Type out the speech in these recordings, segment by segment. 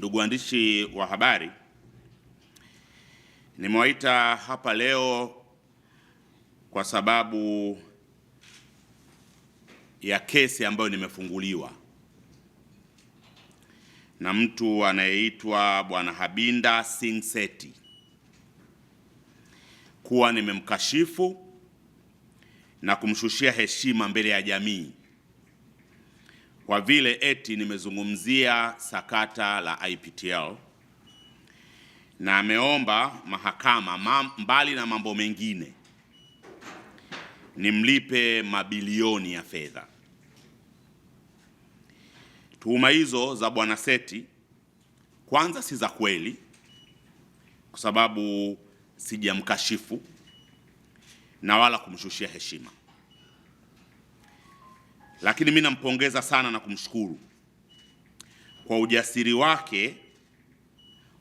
Ndugu waandishi wa habari, nimewaita hapa leo kwa sababu ya kesi ambayo nimefunguliwa na mtu anayeitwa Bwana Habinda Singseti kuwa nimemkashifu na kumshushia heshima mbele ya jamii kwa vile eti nimezungumzia sakata la IPTL na ameomba mahakama mbali na mambo mengine nimlipe mabilioni ya fedha. Tuhuma hizo za Bwana Seti kwanza si za kweli, kwa sababu sijamkashifu na wala kumshushia heshima. Lakini mimi nampongeza sana na kumshukuru kwa ujasiri wake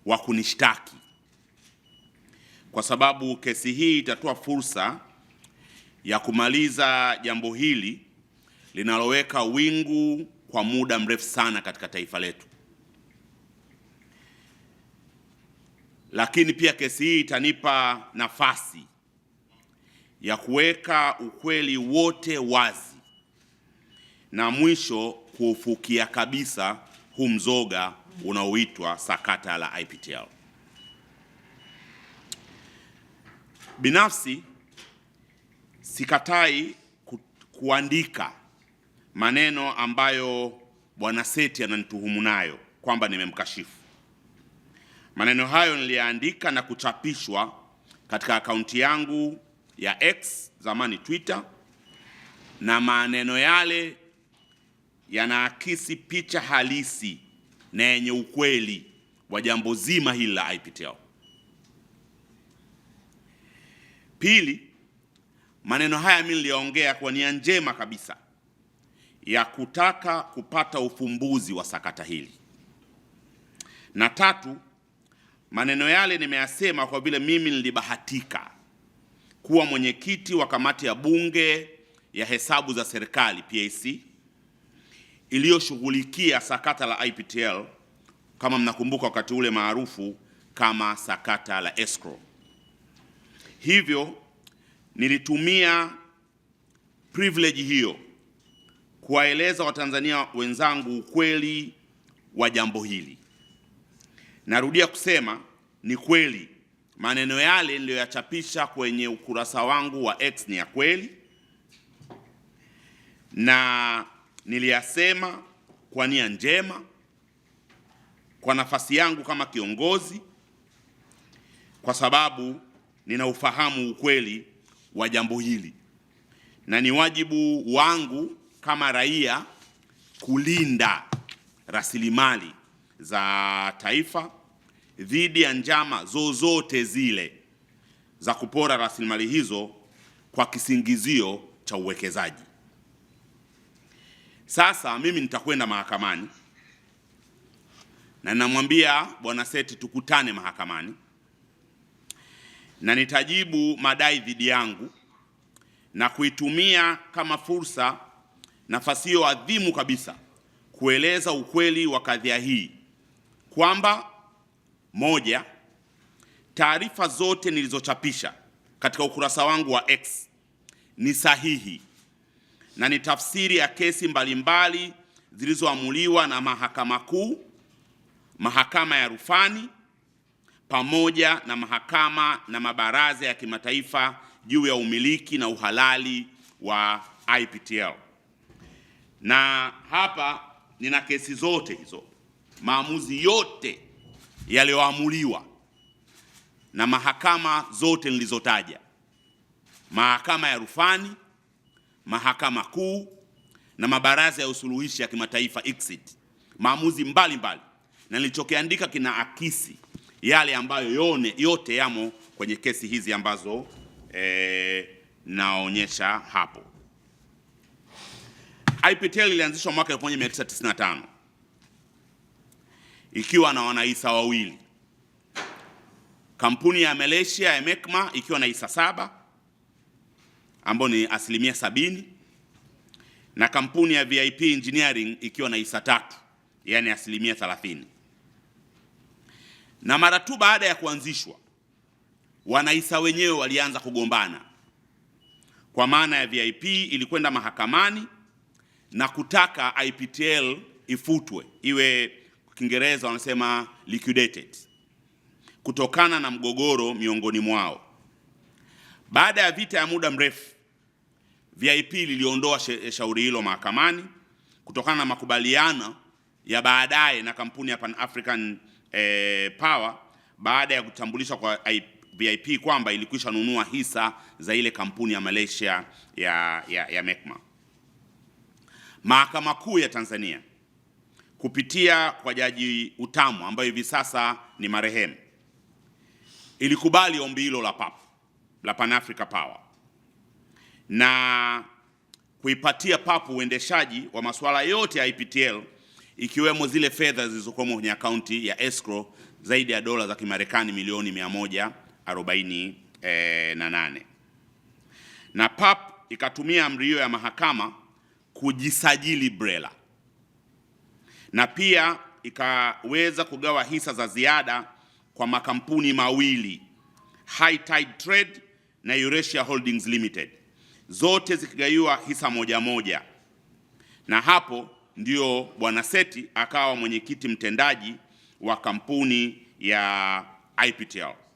wa kunishtaki kwa sababu kesi hii itatoa fursa ya kumaliza jambo hili linaloweka wingu kwa muda mrefu sana katika taifa letu. Lakini pia kesi hii itanipa nafasi ya kuweka ukweli wote wazi na mwisho kuufukia kabisa huu mzoga unaoitwa sakata la IPTL. Binafsi sikatai ku, kuandika maneno ambayo Bwana Seti ananituhumu nayo kwamba nimemkashifu. Maneno hayo niliyaandika na kuchapishwa katika akaunti yangu ya X zamani Twitter, na maneno yale yanaakisi picha halisi na yenye ukweli wa jambo zima hili la IPTL. Pili, maneno haya mimi niliyaongea kwa nia njema kabisa ya kutaka kupata ufumbuzi wa sakata hili, na tatu, maneno yale nimeyasema kwa vile mimi nilibahatika kuwa mwenyekiti wa kamati ya bunge ya hesabu za serikali PAC iliyoshughulikia sakata la IPTL kama mnakumbuka, wakati ule maarufu kama sakata la escrow. Hivyo nilitumia privilege hiyo kuwaeleza Watanzania wenzangu ukweli wa jambo hili. Narudia kusema ni kweli, maneno yale niliyoyachapisha kwenye ukurasa wangu wa X ni ya kweli na niliyasema kwa nia njema, kwa nafasi yangu kama kiongozi, kwa sababu nina ufahamu ukweli wa jambo hili na ni wajibu wangu kama raia kulinda rasilimali za taifa dhidi ya njama zozote zile za kupora rasilimali hizo kwa kisingizio cha uwekezaji. Sasa mimi nitakwenda mahakamani na namwambia bwana Seti, tukutane mahakamani na nitajibu madai dhidi yangu na kuitumia kama fursa nafasi hiyo adhimu kabisa kueleza ukweli wa kadhia hii kwamba moja, taarifa zote nilizochapisha katika ukurasa wangu wa X ni sahihi na ni tafsiri ya kesi mbalimbali zilizoamuliwa na Mahakama Kuu, Mahakama ya Rufani pamoja na mahakama na mabaraza ya kimataifa juu ya umiliki na uhalali wa IPTL. Na hapa nina kesi zote hizo, maamuzi yote yaliyoamuliwa na mahakama zote nilizotaja, mahakama ya rufani mahakama kuu na mabaraza ya usuluhishi ya kimataifa ICSID maamuzi mbalimbali, na nilichokiandika kina akisi yale ambayo yone, yote yamo kwenye kesi hizi ambazo e, naonyesha hapo. IPTL ilianzishwa mwaka 1995 ikiwa na wanahisa wawili, kampuni ya Malaysia ya Mekma ikiwa na hisa saba ambao ni asilimia sabini na kampuni ya VIP Engineering ikiwa na hisa tatu, yani asilimia thelathini. Na mara tu baada ya kuanzishwa wanahisa wenyewe walianza kugombana, kwa maana ya VIP ilikwenda mahakamani na kutaka IPTL ifutwe iwe Kiingereza wanasema liquidated kutokana na mgogoro miongoni mwao. Baada ya vita ya muda mrefu VIP liliondoa eh, shauri hilo mahakamani kutokana na makubaliano ya baadaye na kampuni ya Pan African eh, Power baada ya kutambulishwa kwa VIP kwamba ilikwisha nunua hisa za ile kampuni ya Malaysia ya, ya, ya Mekma. Mahakama Kuu ya Tanzania kupitia kwa Jaji Utamu ambayo hivi sasa ni marehemu ilikubali ombi hilo la PAP la Pan Africa Power na kuipatia papu uendeshaji wa masuala yote ya IPTL ikiwemo zile fedha zilizokuwa kwenye akaunti ya escrow zaidi ya dola za Kimarekani milioni 148 eh, na, na pap ikatumia amri hiyo ya mahakama kujisajili BRELA na pia ikaweza kugawa hisa za ziada kwa makampuni mawili High Tide Trade na Eurasia Holdings Limited zote zikigaiwa hisa moja moja, na hapo ndio bwana Seti akawa mwenyekiti mtendaji wa kampuni ya IPTL.